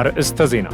አርዕስተ ዜና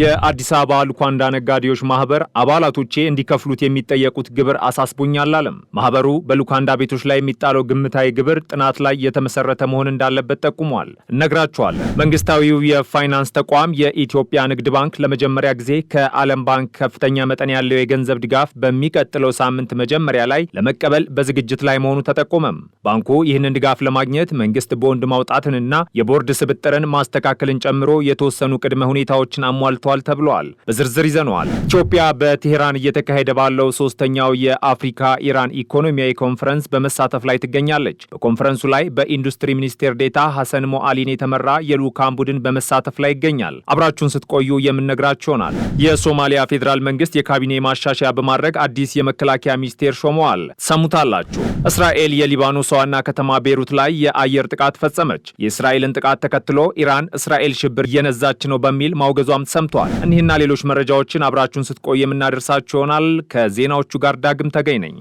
የአዲስ አበባ ልኳንዳ ነጋዴዎች ማህበር አባላቶቼ እንዲከፍሉት የሚጠየቁት ግብር አሳስቦኛል አለም። ማህበሩ በልኳንዳ ቤቶች ላይ የሚጣለው ግምታዊ ግብር ጥናት ላይ የተመሰረተ መሆን እንዳለበት ጠቁሟል። እነግራችኋለን። መንግስታዊው የፋይናንስ ተቋም የኢትዮጵያ ንግድ ባንክ ለመጀመሪያ ጊዜ ከዓለም ባንክ ከፍተኛ መጠን ያለው የገንዘብ ድጋፍ በሚቀጥለው ሳምንት መጀመሪያ ላይ ለመቀበል በዝግጅት ላይ መሆኑ ተጠቆመም። ባንኩ ይህንን ድጋፍ ለማግኘት መንግስት ቦንድ ማውጣትንና የቦርድ ስብጥርን ማስተካከልን ጨምሮ የተወሰኑ ቅድመ ሁኔታዎችን አሟል ተሟልቷል ተብሏል። በዝርዝር ይዘነዋል። ኢትዮጵያ በቴሄራን እየተካሄደ ባለው ሶስተኛው የአፍሪካ ኢራን ኢኮኖሚያዊ ኮንፈረንስ በመሳተፍ ላይ ትገኛለች። በኮንፈረንሱ ላይ በኢንዱስትሪ ሚኒስቴር ዴታ ሐሰን ሞአሊን የተመራ የልዑካን ቡድን በመሳተፍ ላይ ይገኛል። አብራችሁን ስትቆዩ የምንነግራችሁ ይሆናል። የሶማሊያ ፌዴራል መንግስት የካቢኔ ማሻሻያ በማድረግ አዲስ የመከላከያ ሚኒስቴር ሾመዋል። ሰሙታላችሁ። እስራኤል የሊባኖስ ዋና ከተማ ቤሩት ላይ የአየር ጥቃት ፈጸመች። የእስራኤልን ጥቃት ተከትሎ ኢራን እስራኤል ሽብር እየነዛች ነው በሚል ማውገዟም ተሰምተዋል። እኒህና ሌሎች መረጃዎችን አብራችሁን ስትቆይ የምናደርሳችሁ ይሆናል። ከዜናዎቹ ጋር ዳግም ተገኝ ነኝ።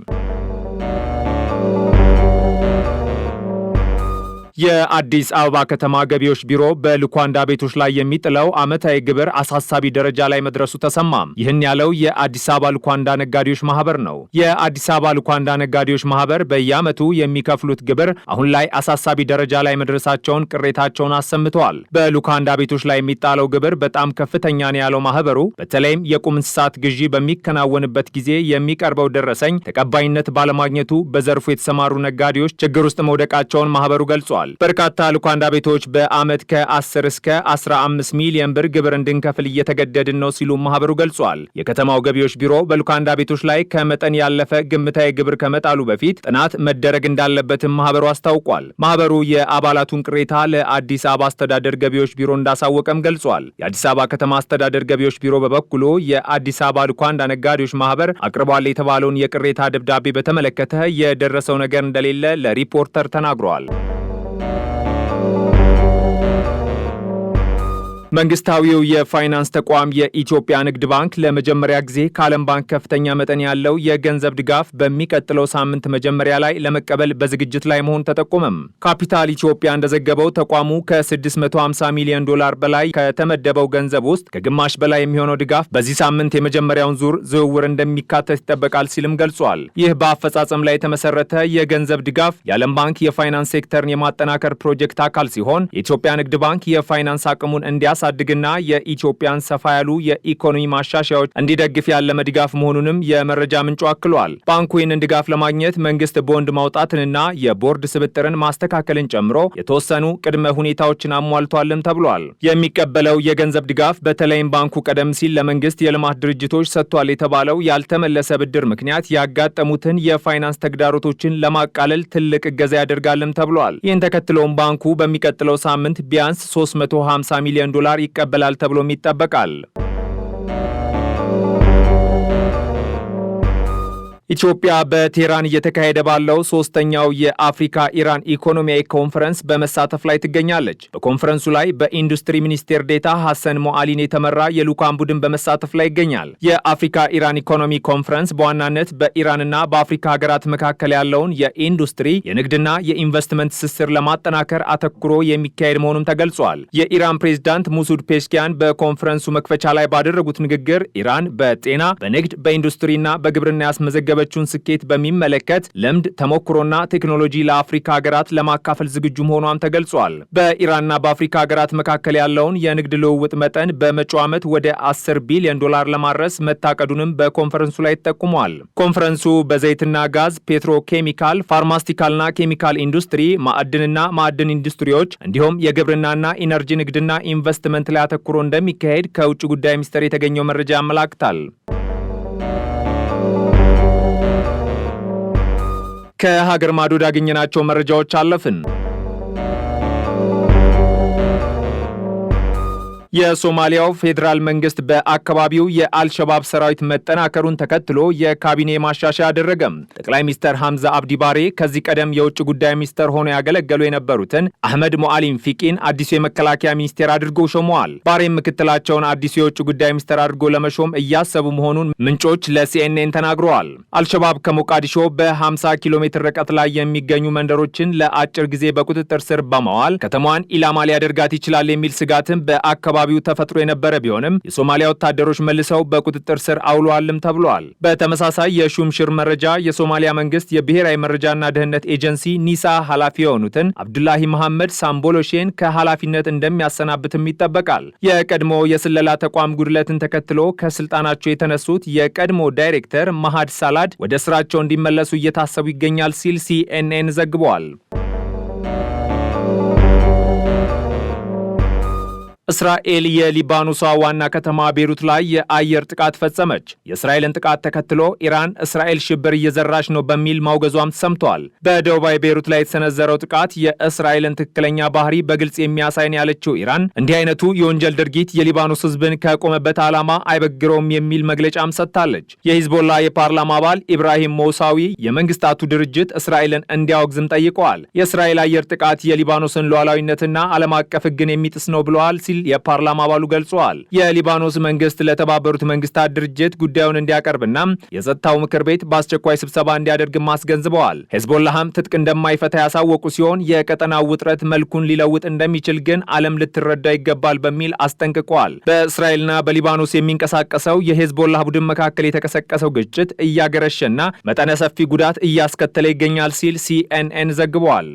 የአዲስ አበባ ከተማ ገቢዎች ቢሮ በልኳንዳ ቤቶች ላይ የሚጥለው ዓመታዊ ግብር አሳሳቢ ደረጃ ላይ መድረሱ ተሰማ። ይህን ያለው የአዲስ አበባ ልኳንዳ ነጋዴዎች ማህበር ነው። የአዲስ አበባ ልኳንዳ ነጋዴዎች ማህበር በየዓመቱ የሚከፍሉት ግብር አሁን ላይ አሳሳቢ ደረጃ ላይ መድረሳቸውን ቅሬታቸውን አሰምተዋል። በልኳንዳ ቤቶች ላይ የሚጣለው ግብር በጣም ከፍተኛ ነው ያለው ማህበሩ በተለይም የቁም እንስሳት ግዢ በሚከናወንበት ጊዜ የሚቀርበው ደረሰኝ ተቀባይነት ባለማግኘቱ በዘርፉ የተሰማሩ ነጋዴዎች ችግር ውስጥ መውደቃቸውን ማህበሩ ገልጿል። ተናግረዋል። በርካታ ልኳንዳ ቤቶች በዓመት ከ10 እስከ 15 ሚሊዮን ብር ግብር እንድንከፍል እየተገደድን ነው ሲሉ ማህበሩ ገልጿል። የከተማው ገቢዎች ቢሮ በልኳንዳ ቤቶች ላይ ከመጠን ያለፈ ግምታዊ ግብር ከመጣሉ በፊት ጥናት መደረግ እንዳለበትም ማህበሩ አስታውቋል። ማህበሩ የአባላቱን ቅሬታ ለአዲስ አበባ አስተዳደር ገቢዎች ቢሮ እንዳሳወቀም ገልጿል። የአዲስ አበባ ከተማ አስተዳደር ገቢዎች ቢሮ በበኩሉ የአዲስ አበባ ልኳንዳ ነጋዴዎች ማህበር አቅርቧል የተባለውን የቅሬታ ደብዳቤ በተመለከተ የደረሰው ነገር እንደሌለ ለሪፖርተር ተናግሯል። መንግስታዊው የፋይናንስ ተቋም የኢትዮጵያ ንግድ ባንክ ለመጀመሪያ ጊዜ ከዓለም ባንክ ከፍተኛ መጠን ያለው የገንዘብ ድጋፍ በሚቀጥለው ሳምንት መጀመሪያ ላይ ለመቀበል በዝግጅት ላይ መሆኑ ተጠቆመም። ካፒታል ኢትዮጵያ እንደዘገበው ተቋሙ ከ650 ሚሊዮን ዶላር በላይ ከተመደበው ገንዘብ ውስጥ ከግማሽ በላይ የሚሆነው ድጋፍ በዚህ ሳምንት የመጀመሪያውን ዙር ዝውውር እንደሚካተት ይጠበቃል ሲልም ገልጿል። ይህ በአፈጻጸም ላይ የተመሰረተ የገንዘብ ድጋፍ የዓለም ባንክ የፋይናንስ ሴክተርን የማጠናከር ፕሮጀክት አካል ሲሆን የኢትዮጵያ ንግድ ባንክ የፋይናንስ አቅሙን እንዲያስ እንዲያሳድግና የኢትዮጵያን ሰፋ ያሉ የኢኮኖሚ ማሻሻያዎች እንዲደግፍ ያለመ ድጋፍ መሆኑንም የመረጃ ምንጩ አክሏል። ባንኩ ይህንን ድጋፍ ለማግኘት መንግስት ቦንድ ማውጣትንና የቦርድ ስብጥርን ማስተካከልን ጨምሮ የተወሰኑ ቅድመ ሁኔታዎችን አሟልቷልም ተብሏል። የሚቀበለው የገንዘብ ድጋፍ በተለይም ባንኩ ቀደም ሲል ለመንግስት የልማት ድርጅቶች ሰጥቷል የተባለው ያልተመለሰ ብድር ምክንያት ያጋጠሙትን የፋይናንስ ተግዳሮቶችን ለማቃለል ትልቅ እገዛ ያደርጋልም ተብሏል። ይህን ተከትሎም ባንኩ በሚቀጥለው ሳምንት ቢያንስ 350 ሚሊዮን ዶላር ዶላር ይቀበላል ተብሎም ይጠበቃል። ኢትዮጵያ በቴህራን እየተካሄደ ባለው ሶስተኛው የአፍሪካ ኢራን ኢኮኖሚያዊ ኮንፈረንስ በመሳተፍ ላይ ትገኛለች። በኮንፈረንሱ ላይ በኢንዱስትሪ ሚኒስቴር ዴታ ሐሰን ሞአሊን የተመራ የልዑካን ቡድን በመሳተፍ ላይ ይገኛል። የአፍሪካ ኢራን ኢኮኖሚ ኮንፈረንስ በዋናነት በኢራንና በአፍሪካ ሀገራት መካከል ያለውን የኢንዱስትሪ የንግድና የኢንቨስትመንት ትስስር ለማጠናከር አተኩሮ የሚካሄድ መሆኑም ተገልጿል። የኢራን ፕሬዝዳንት ሙሱድ ፔሽኪያን በኮንፈረንሱ መክፈቻ ላይ ባደረጉት ንግግር ኢራን በጤና በንግድ በኢንዱስትሪና በግብርና ያስመዘገበ ያስመዘገበችውን ስኬት በሚመለከት ልምድ፣ ተሞክሮና ቴክኖሎጂ ለአፍሪካ ሀገራት ለማካፈል ዝግጁ መሆኗም ተገልጿል። በኢራንና በአፍሪካ ሀገራት መካከል ያለውን የንግድ ልውውጥ መጠን በመጪው ዓመት ወደ 10 ቢሊዮን ዶላር ለማድረስ መታቀዱንም በኮንፈረንሱ ላይ ተጠቁሟል። ኮንፈረንሱ በዘይትና ጋዝ፣ ፔትሮ ኬሚካል፣ ፋርማስቲካልና ኬሚካል ኢንዱስትሪ፣ ማዕድንና ማዕድን ኢንዱስትሪዎች እንዲሁም የግብርናና ኢነርጂ ንግድና ኢንቨስትመንት ላይ አተኩሮ እንደሚካሄድ ከውጭ ጉዳይ ሚኒስቴር የተገኘው መረጃ ያመላክታል። ከሀገር ማዶ ያገኘናቸው መረጃዎች አለፍን። የሶማሊያው ፌዴራል መንግስት በአካባቢው የአልሸባብ ሰራዊት መጠናከሩን ተከትሎ የካቢኔ ማሻሻያ አደረገ። ጠቅላይ ሚኒስትር ሐምዛ አብዲ ባሬ ከዚህ ቀደም የውጭ ጉዳይ ሚኒስትር ሆኖ ያገለገሉ የነበሩትን አህመድ ሞአሊም ፊቂን አዲሱ የመከላከያ ሚኒስቴር አድርጎ ሾመዋል። ባሬም ምክትላቸውን አዲሱ የውጭ ጉዳይ ሚኒስትር አድርጎ ለመሾም እያሰቡ መሆኑን ምንጮች ለሲኤንኤን ተናግረዋል። አልሸባብ ከሞቃዲሾ በ50 ኪሎ ሜትር ርቀት ላይ የሚገኙ መንደሮችን ለአጭር ጊዜ በቁጥጥር ስር በማዋል ከተማዋን ኢላማ ሊያደርጋት ይችላል የሚል ስጋትን በአካባቢ በአካባቢው ተፈጥሮ የነበረ ቢሆንም የሶማሊያ ወታደሮች መልሰው በቁጥጥር ስር አውሏልም ተብሏል። በተመሳሳይ የሹምሽር መረጃ የሶማሊያ መንግስት የብሔራዊ መረጃና ደህንነት ኤጀንሲ ኒሳ ኃላፊ የሆኑትን አብዱላሂ መሐመድ ሳምቦሎሼን ከኃላፊነት እንደሚያሰናብትም ይጠበቃል። የቀድሞ የስለላ ተቋም ጉድለትን ተከትሎ ከስልጣናቸው የተነሱት የቀድሞ ዳይሬክተር መሃድ ሳላድ ወደ ስራቸው እንዲመለሱ እየታሰቡ ይገኛል ሲል ሲኤንኤን ዘግቧል። እስራኤል የሊባኖሷ ዋና ከተማ ቤሩት ላይ የአየር ጥቃት ፈጸመች። የእስራኤልን ጥቃት ተከትሎ ኢራን እስራኤል ሽብር እየዘራች ነው በሚል ማውገዟም ሰምተዋል። በደቡባዊ ቤሩት ላይ የተሰነዘረው ጥቃት የእስራኤልን ትክክለኛ ባህሪ በግልጽ የሚያሳይን ያለችው ኢራን እንዲህ አይነቱ የወንጀል ድርጊት የሊባኖስ ሕዝብን ከቆመበት ዓላማ አይበግረውም የሚል መግለጫም ሰጥታለች። የሂዝቦላ የፓርላማ አባል ኢብራሂም ሞሳዊ የመንግስታቱ ድርጅት እስራኤልን እንዲያወግዝም ጠይቀዋል። የእስራኤል አየር ጥቃት የሊባኖስን ሉዓላዊነትና ዓለም አቀፍ ሕግን የሚጥስ ነው ብለዋል ሲል የፓርላማ አባሉ ገልጿል። የሊባኖስ መንግስት ለተባበሩት መንግስታት ድርጅት ጉዳዩን እንዲያቀርብና የጸጥታው ምክር ቤት በአስቸኳይ ስብሰባ እንዲያደርግም አስገንዝበዋል። ሄዝቦላህም ትጥቅ እንደማይፈታ ያሳወቁ ሲሆን የቀጠናው ውጥረት መልኩን ሊለውጥ እንደሚችል ግን ዓለም ልትረዳ ይገባል በሚል አስጠንቅቋል። በእስራኤልና በሊባኖስ የሚንቀሳቀሰው የሄዝቦላህ ቡድን መካከል የተቀሰቀሰው ግጭት እያገረሸና መጠነ ሰፊ ጉዳት እያስከተለ ይገኛል ሲል ሲኤንኤን ዘግቧል።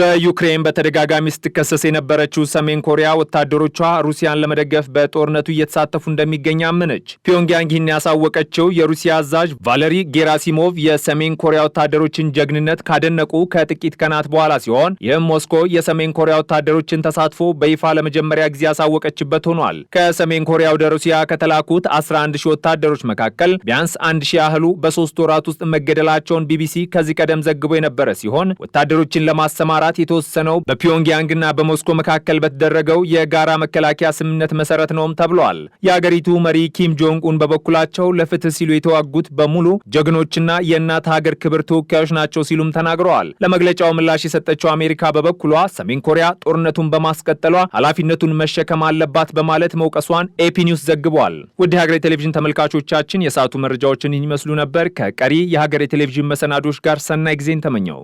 በዩክሬን በተደጋጋሚ ስትከሰስ የነበረችው ሰሜን ኮሪያ ወታደሮቿ ሩሲያን ለመደገፍ በጦርነቱ እየተሳተፉ እንደሚገኝ አመነች። ፒዮንግያንግ ይህን ያሳወቀችው የሩሲያ አዛዥ ቫለሪ ጌራሲሞቭ የሰሜን ኮሪያ ወታደሮችን ጀግንነት ካደነቁ ከጥቂት ቀናት በኋላ ሲሆን ይህም ሞስኮ የሰሜን ኮሪያ ወታደሮችን ተሳትፎ በይፋ ለመጀመሪያ ጊዜ ያሳወቀችበት ሆኗል። ከሰሜን ኮሪያ ወደ ሩሲያ ከተላኩት 11 ሺህ ወታደሮች መካከል ቢያንስ አንድ ሺህ ያህሉ በሶስት ወራት ውስጥ መገደላቸውን ቢቢሲ ከዚህ ቀደም ዘግቦ የነበረ ሲሆን ወታደሮችን ለማሰማራ ለማሰማራት የተወሰነው በፒዮንግያንግና በሞስኮ መካከል በተደረገው የጋራ መከላከያ ስምምነት መሰረት ነውም ተብሏል። የአገሪቱ መሪ ኪም ጆንግ ኡን በበኩላቸው ለፍትህ ሲሉ የተዋጉት በሙሉ ጀግኖችና የእናት ሀገር ክብር ተወካዮች ናቸው ሲሉም ተናግረዋል። ለመግለጫው ምላሽ የሰጠችው አሜሪካ በበኩሏ ሰሜን ኮሪያ ጦርነቱን በማስቀጠሏ ኃላፊነቱን መሸከም አለባት በማለት መውቀሷን ኤፒ ኒውስ ዘግቧል። ውድ የሀገሬ ቴሌቪዥን ተመልካቾቻችን የሰዓቱ መረጃዎችን ይመስሉ ነበር። ከቀሪ የሀገሬ ቴሌቪዥን መሰናዶች ጋር ሰናይ ጊዜን ተመኘው።